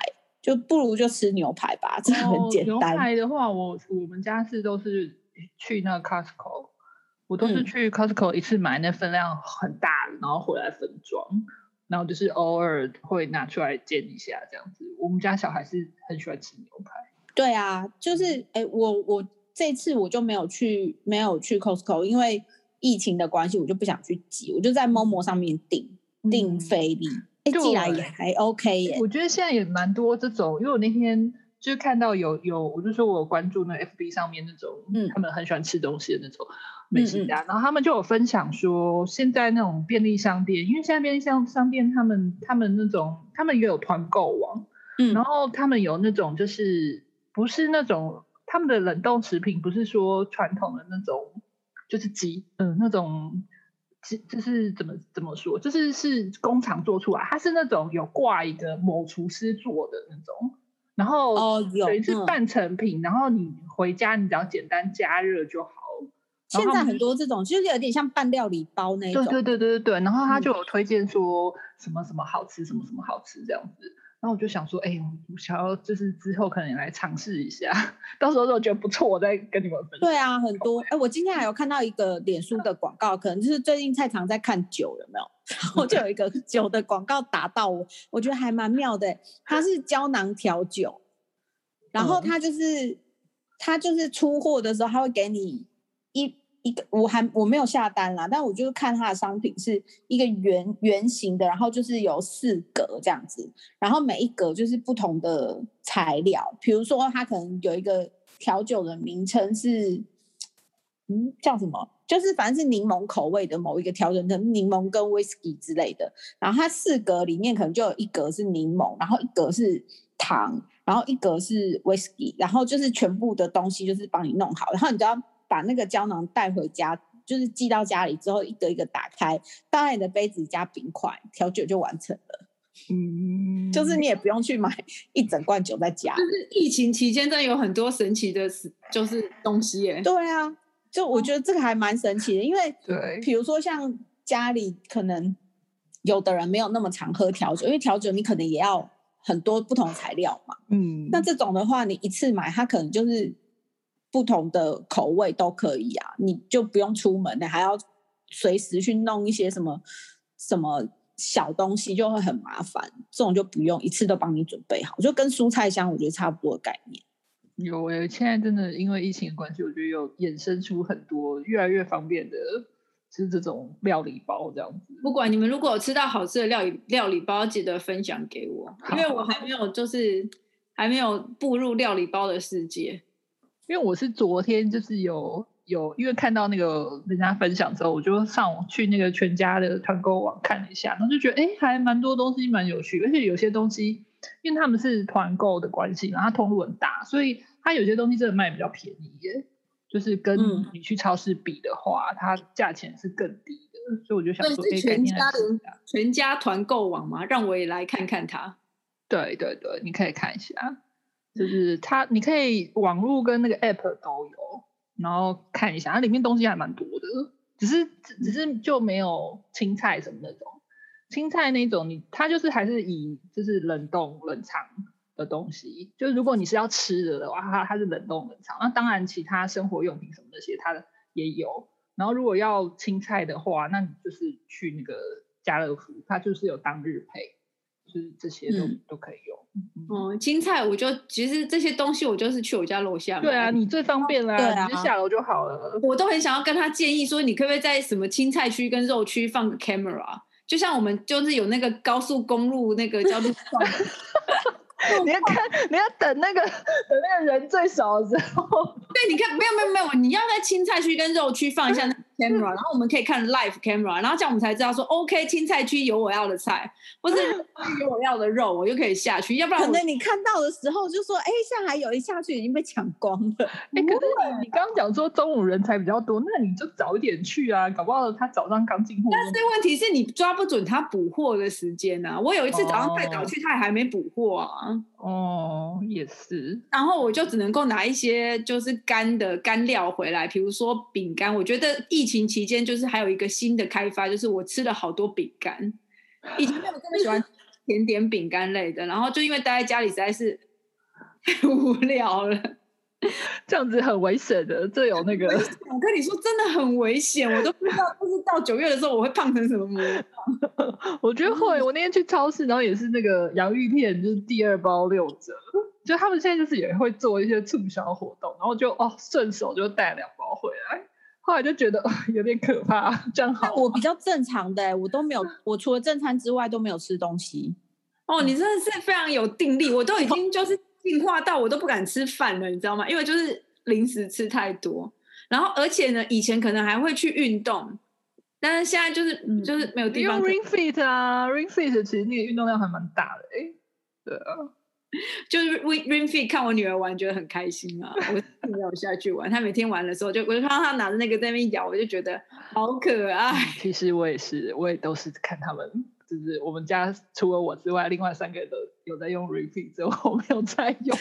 就不如就吃牛排吧，真的很簡單。牛排的話，我我們家是都是去那個 Costco，我都是去 Costco 一次買那分量很大的，嗯、然後回來分裝，然後就是偶爾會拿出來煎一下這樣子。我們家小孩是很喜歡吃牛排。對啊，就是哎、欸，我我這次我就沒有去沒有去 Costco，因為疫情的關係，我就不想去擠，我就在 Momo 上面訂訂、嗯、菲力。嗯對，也還 OK 耶。我覺得現在也蠻多這種，因為我那天就是看到有有，我就說我有關注那 FB 上面那種，嗯，他們很喜歡吃東西的那種美食家，嗯嗯，然後他們就有分享說，現在那種便利商店，因為現在便利商商店，他們他們那種，他們也有團購網，嗯，然後他們有那種就是不是那種他們的冷凍食品，不是說傳統的那種，就是雞，嗯，呃，那種。就是怎麼怎麼說，就是是工廠做出來，它是那種有掛一個某廚師做的那種，然後哦，等於是半成品，哦、然後你回家你只要簡單加熱就好。現在很多這種就，就是有點像半料理包那種，對對對對對。然後他就有推薦說什麼什麼好吃，什麼什麼好吃這樣子。然後我就想說，哎、欸，我想要就是之後可能也來嘗試一下，到時候如果覺得不錯，我再跟你們分享。對啊，很多。哎、欸，我今天還有看到一個臉書的廣告，嗯、可能就是最近太常在看酒有沒有，然後 [LAUGHS] [LAUGHS] 就有一個酒的廣告打到我，我覺得還蠻妙的。它是膠囊調酒，嗯、然後它就是它就是出貨的時候，他會給你。一個我還我沒有下單啦，但我就是看它的商品是一個圓圓形的，然後就是有四格這樣子，然後每一格就是不同的材料，譬如說它可能有一個調酒的名稱是，嗯、叫什麼，就是反正是檸檬口味的某一個調整，可能是檸檬跟威士忌之類的，然後它四格裡面可能就有一格是檸檬，然後一格是糖，然後一格是威士忌，然後就是全部的東西就是幫你弄好，然後你知道。把那個膠囊帶回家，就是寄到家裡之後，一個一個打開，當然你的杯子加冰塊，調酒就完成了。嗯，就是你也不用去買一整罐酒在家。就是疫情期間，真的有很多神奇的，就是東西耶。對啊，就我覺得這個還蠻神奇的，因為對，比如說像家裡可能有的人沒有那麼常喝調酒，因為調酒你可能也要很多不同材料嘛。嗯，那這種的話，你一次買，它可能就是。不同的口味都可以啊，你就不用出門，你還要隨時去弄一些什麼什麼小東西，就會很麻煩。這種就不用，一次都幫你準備好，就跟蔬菜箱我覺得差不多的概念。有欸，現在真的因為疫情的關係，我覺得有衍生出很多越來越方便的，就是這種料理包這樣子。不管你們如果有吃到好吃的料理料理包，記得分享給我，因為我還沒有就是 [LAUGHS] 還沒有步入料理包的世界。因為我是昨天就是有有，因為看到那個人家分享之後，我就上網去那個全家的團購網看了一下，然後就覺得哎，還蠻多東西蠻有趣，而且有些東西，因為他們是團購的關係，然後通路很大，所以他有些東西真的賣比較便宜耶，就是跟你去超市比的話，嗯、它價錢是更低的，所以我就想說可以趕一下全家團購網嗎？讓我也來看看他。對對對，你可以看一下。就是它，你可以網路跟那個 app 都有，然後看一下它裡面東西還蠻多的，只是只是就沒有青菜什麼那種，青菜那種你它就是還是以就是冷凍冷藏的東西，就是如果你是要吃的的話，它它是冷凍冷藏。那當然其他生活用品什麼那些它也有，然後如果要青菜的話，那你就是去那個家樂福，它就是有當日配。是這些都、嗯、都可以用。嗯，嗯青菜，我就其實這些東西我就是去我家樓下。對啊，你最方便啦、啊，對啊，你就下樓就好了。我都很想要跟他建議說，你可不可以在什麼青菜區跟肉區放個 camera，就像我們就是有那個高速公路那個交通。 [LAUGHS] [LAUGHS] 你要看，你要等那個等那個人最少的時候。對，你看，沒有沒有沒有，你要在青菜區跟肉區放一下。 [LAUGHS] camera，然後我們可以看 live camera，、嗯、然後這樣我們才知道說，OK，青菜區有我要的菜，或是有我要的肉，我就可以下去。嗯、要不然可能你看到的時候就說，哎、欸，現在還有一下去已經被搶光了。哎、欸，可是你你剛剛講說中午人才比較多，那你就早一點去啊，搞不好他早上剛進貨。但是問題是你抓不準他補貨的時間啊。我有一次早上太早去，他也還沒補貨啊。哦哦，也是。然後我就只能夠拿一些就是乾的乾料回來，比如說餅乾。我覺得疫情期間就是還有一個新的開發，就是我吃了好多餅乾，以前沒有這麼喜歡甜點餅乾類的。然後就因為待在家裡實在是太無聊了。這樣子很危險的，這有那個。我跟你說，真的很危險，我都不知道，就是到九月的時候，我會胖成什麼模樣？ [LAUGHS] 我覺得會。我那天去超市，然後也是那個洋芋片，就是第二包六折。就他們現在就是也會做一些促銷活動，然後就哦，順手就帶兩包回來。後來就覺得、哦、有點可怕，這樣好。我比較正常的，哎，我都沒有，我除了正餐之外都沒有吃東西。哦，嗯、你真的是非常有定力，我都已經就是、哦。進化到我都不敢吃飯了，你知道嗎？因為就是零食吃太多，然後而且呢，以前可能還會去運動，但是現在就是、嗯嗯、就是沒有地方。用 Ring Fit 啊，Ring Fit 其實那個運動量還蠻大的、欸。誒，對啊，就是 Ring Ring Fit，看我女兒玩覺得很開心啊， [LAUGHS] 我也有下去玩。她每天玩的時候就，就我就看到她拿着那個在那邊咬，我就覺得好可愛。其實我也是，我也都是看他們。就是我們家除了我之外，另外三個人都有在用 Repeat，只有我沒有在用。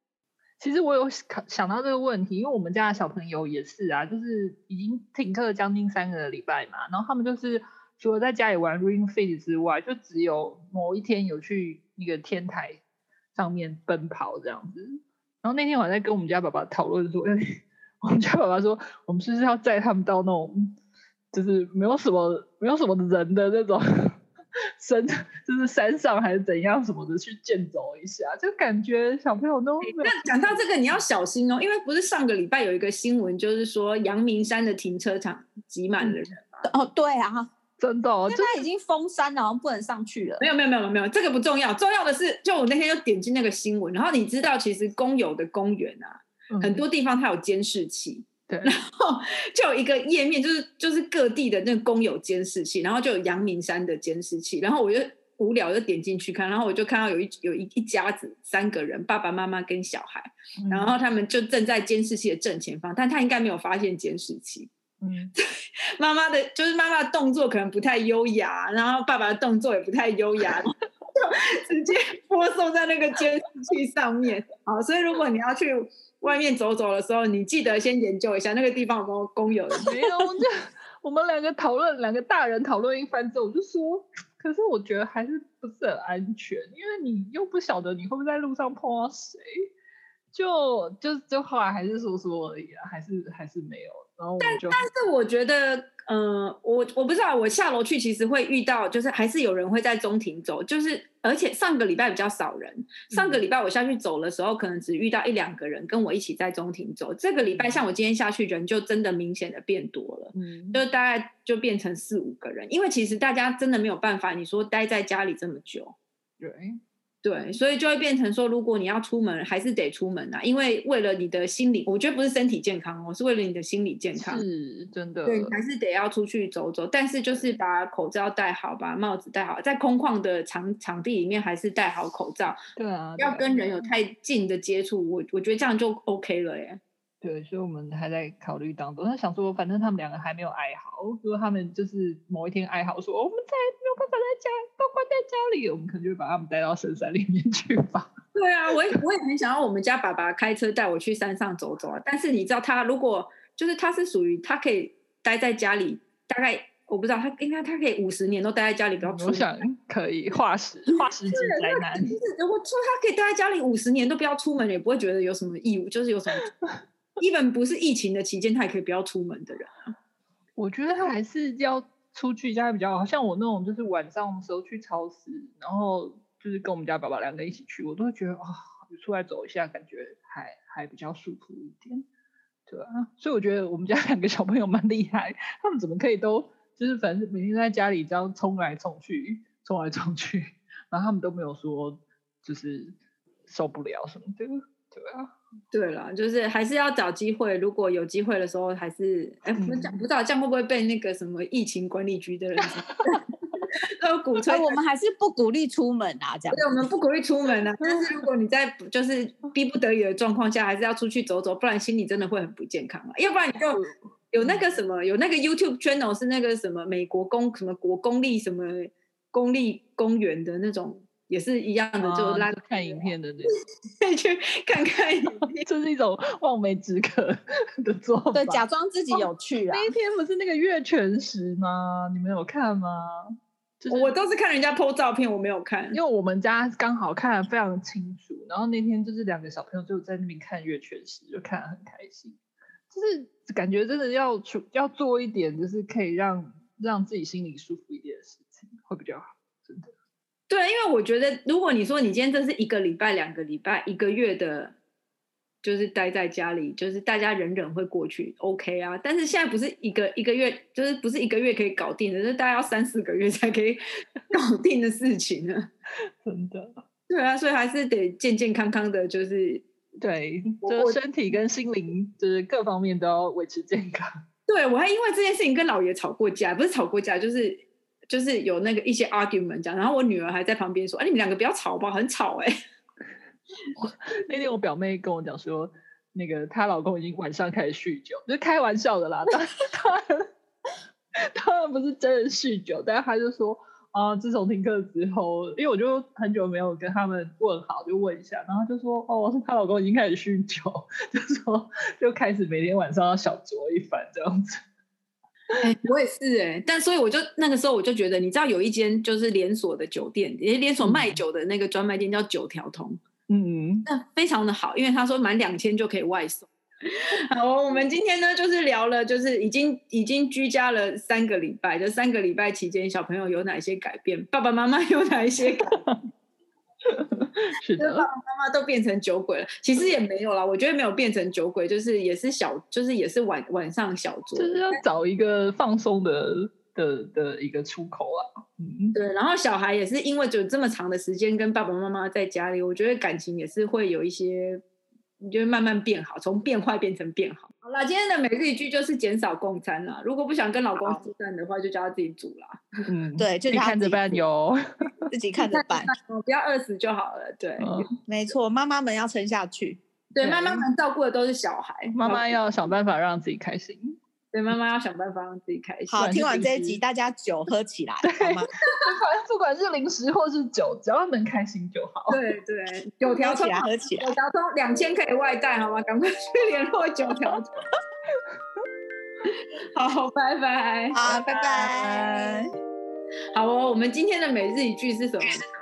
[LAUGHS] 其實我有想到這個問題，因為我們家的小朋友也是啊，就是已經停課將近三個禮拜嘛，然後他們就是除了在家裡玩 Ring Fit 之外，就只有某一天有去一個天台上面奔跑這樣子。然後那天晚上在跟我們家爸爸討論說，我們家爸爸說，我們是不是要載他們到那種就是沒有什麼沒有，什麼人的那種。山就是山上還是怎樣什麼的去健走一下，就感覺小朋友都、欸，……那講到這個你要小心哦，因為不是上個禮拜有一個新聞，就是說陽明山的停車場擠滿了人嗎？嗯。哦，對啊，真的，哦，就它已經封山了，好像不能上去了。沒有沒有沒有沒有，這個不重要，重要的是，就我那天就點進那個新聞，然後你知道其實公有的公園啊，嗯，很多地方它有監視器。Okay. 然後就有一個頁面，就是就是各地的那個公有監視器，然後就有陽明山的監視器，然後我就無聊就點進去看，然後我就看到有一有一一家子三個人，爸爸媽媽跟小孩，然後他們就正在監視器的正前方，但他應該沒有發現監視器。嗯，媽媽的就是媽媽的動作可能不太優雅，然後爸爸的動作也不太優雅， [LAUGHS] 就直接播送在那個監視器上面。好，所以如果你要去。外面走走的時候，你記得先研究一下那個地方有沒有工友。 [LAUGHS] 沒有，我們就我們兩個討論，兩個大人討論一番之後，我就說，可是我覺得還是不是很安全，因為你又不曉得你會不會在路上碰到誰。就就就後來還是說說而已啊，還是還是沒有。但但是我覺得，嗯、呃，我我不知道，我下樓去其實會遇到，就是還是有人會在中庭走，就是而且上個禮拜比較少人，上個禮拜我下去走的時候，可能只遇到一兩個人跟我一起在中庭走。這個禮拜像我今天下去，人就真的明顯的變多了，嗯，就大概就變成四五個人，因為其實大家真的沒有辦法，你說待在家裡這麼久，對。對，所以就會變成說，如果你要出門，還是得出門啊，因為為了你的心理，我覺得不是身體健康哦，是為了你的心理健康，是，真的。對，還是得要出去走走，但是就是把口罩戴好，把帽子戴好，在空曠的場場地裡面還是戴好口罩。對啊，不要跟人有太近的接觸，我我覺得這樣就 OK 了耶。對，所以我們還在考慮當中。他想說，反正他們兩個還沒有哀嚎，如果他們就是某一天哀嚎，說我們再沒有辦法在家，都關在家裡，我們可能就會把他們帶到深山裡面去吧。對啊，我也我也很想要我們家爸爸開車帶我去山上走走。但是你知道，他如果就是他是屬於他可以待在家裡，大概我不知道他應該他可以五十年都待在家裡不要、嗯。我想可以化石化石級災難，如果說他可以待在家裡五十年都不要出門，也不會覺得有什麼義務，就是有什麼。 [LAUGHS] 一般 [LAUGHS] 不是疫情的期間，他也可以不要出門的人、啊。我覺得他還是要出去一下比較好，像我那種，就是晚上的時候去超市，然後就是跟我們家寶寶兩個一起去，我都會覺得啊、哦，出來走一下，感覺還還比較舒服一點。對啊，所以我覺得我們家兩個小朋友蠻厲害，他們怎麼可以都就是反正每天在家裡這樣衝來衝去，衝來衝去，然後他們都沒有說就是受不了什麼的。對啊。對了，就是還是要找機會。如果有機會的時候，還是哎，我們講，不知道這樣會不會被那個什麼疫情管理局的人， [LAUGHS] [LAUGHS] 都鼓吹。我們還是不鼓勵出門啊，這樣。對，我們不鼓勵出門啊。 [LAUGHS] 但是如果你在就是逼不得已的狀況下，還是要出去走走，不然心裡真的會很不健康啊。要不然你就有， [LAUGHS] 有那個什麼，有那個 YouTube channel 是那個什麼美國公，什麼國公立，什麼公立公園的那種。也是一樣的，就拉着、啊、看影片的那種，可以 [LAUGHS] [LAUGHS] 去看看，影片，這是一種望梅止渴的做法。對，假裝自己有趣啊。哦、那一天不是那個月全食嗎？你們有看嗎？就是、我都是看人家 PO 照片，我沒有看，因為我們家剛好看的非常清楚。然後那天就是兩個小朋友就在那邊看月全食，就看得很開心。就是感覺真的要出，要做一點，就是可以讓讓自己心裡舒服一點的事情，會比較好。對，因為我覺得，如果你說你今天這是一個禮拜、兩個禮拜、一個月的，就是待在家裡，就是大家忍忍會過去，OK 啊。但是現在不是一個一個月，就是不是一個月可以搞定的，就是大概要三四個月才可以搞定的事情、啊、真的，對啊，所以還是得健健康康的，就是對，我就我身體跟心靈，就是各方面都要維持健康。對，我還因為這件事情跟老爺吵過架，不是吵過架，就是。就是有那個一些 argument 講，然後我女兒還在旁邊說：“哎、啊，你們兩個不要吵吧，很吵哎、欸。”那天我表妹跟我講說，那個她老公已經晚上開始酗酒，就是開玩笑的啦。但是她，當然 [LAUGHS] 不是真的酗酒，但是她就說：“啊、呃，自從聽課之後，因為我就很久沒有跟他們問好，就問一下，然後就說：‘哦，是她老公已經開始酗酒，就說就開始每天晚上要小酌一番這樣子。’哎、 [LAUGHS] 欸，我也是、欸、但所以我就那個時候我就覺得，你知道有一間就是連鎖的酒店，連鎖賣酒的那個專賣店叫酒條通，嗯，那非常的好，因為他說滿兩千就可以外送。 [LAUGHS] 好，我們今天呢就是聊了，就是已經已經居家了三個禮拜，就三個禮拜期間小朋友有哪一些改變，爸爸媽媽有哪一些改變。 [LAUGHS] [LAUGHS] 是的，爸爸媽媽都變成酒鬼了。其實也沒有啦，我覺得沒有變成酒鬼，就是也是小，就是也是晚晚上小酌，就是要找一個放鬆的但的的一個出口啊。嗯，對。然後小孩也是因為有這麼長的時間跟爸爸媽媽在家裡，我覺得感情也是會有一些，你就會慢慢變好，從變壞變成變好。好啦，今天的每日一句就是減少共餐啦。如果不想跟老公吃飯的話，就叫他自己煮啦。嗯， [LAUGHS] 對，就是、你看着辦喲， [LAUGHS] 自己看着辦、辦，不要餓死就好了。對，嗯、沒錯，媽媽們要撐下去。對，媽媽們照顧的都是小孩，媽媽要想辦法讓自己開心。嗯所以媽媽要想辦法讓自己開心。好，聽完這一集，大家酒喝起來，不管不管是零食或是酒，只要能開心就好。對對，酒條通起來喝起來。酒條通兩千可以外帶，好嗎？趕快去聯絡酒條通。 [LAUGHS] 好，拜拜。好，啊、拜拜。拜拜。好哦，我們今天的每日一句是什麼？嗯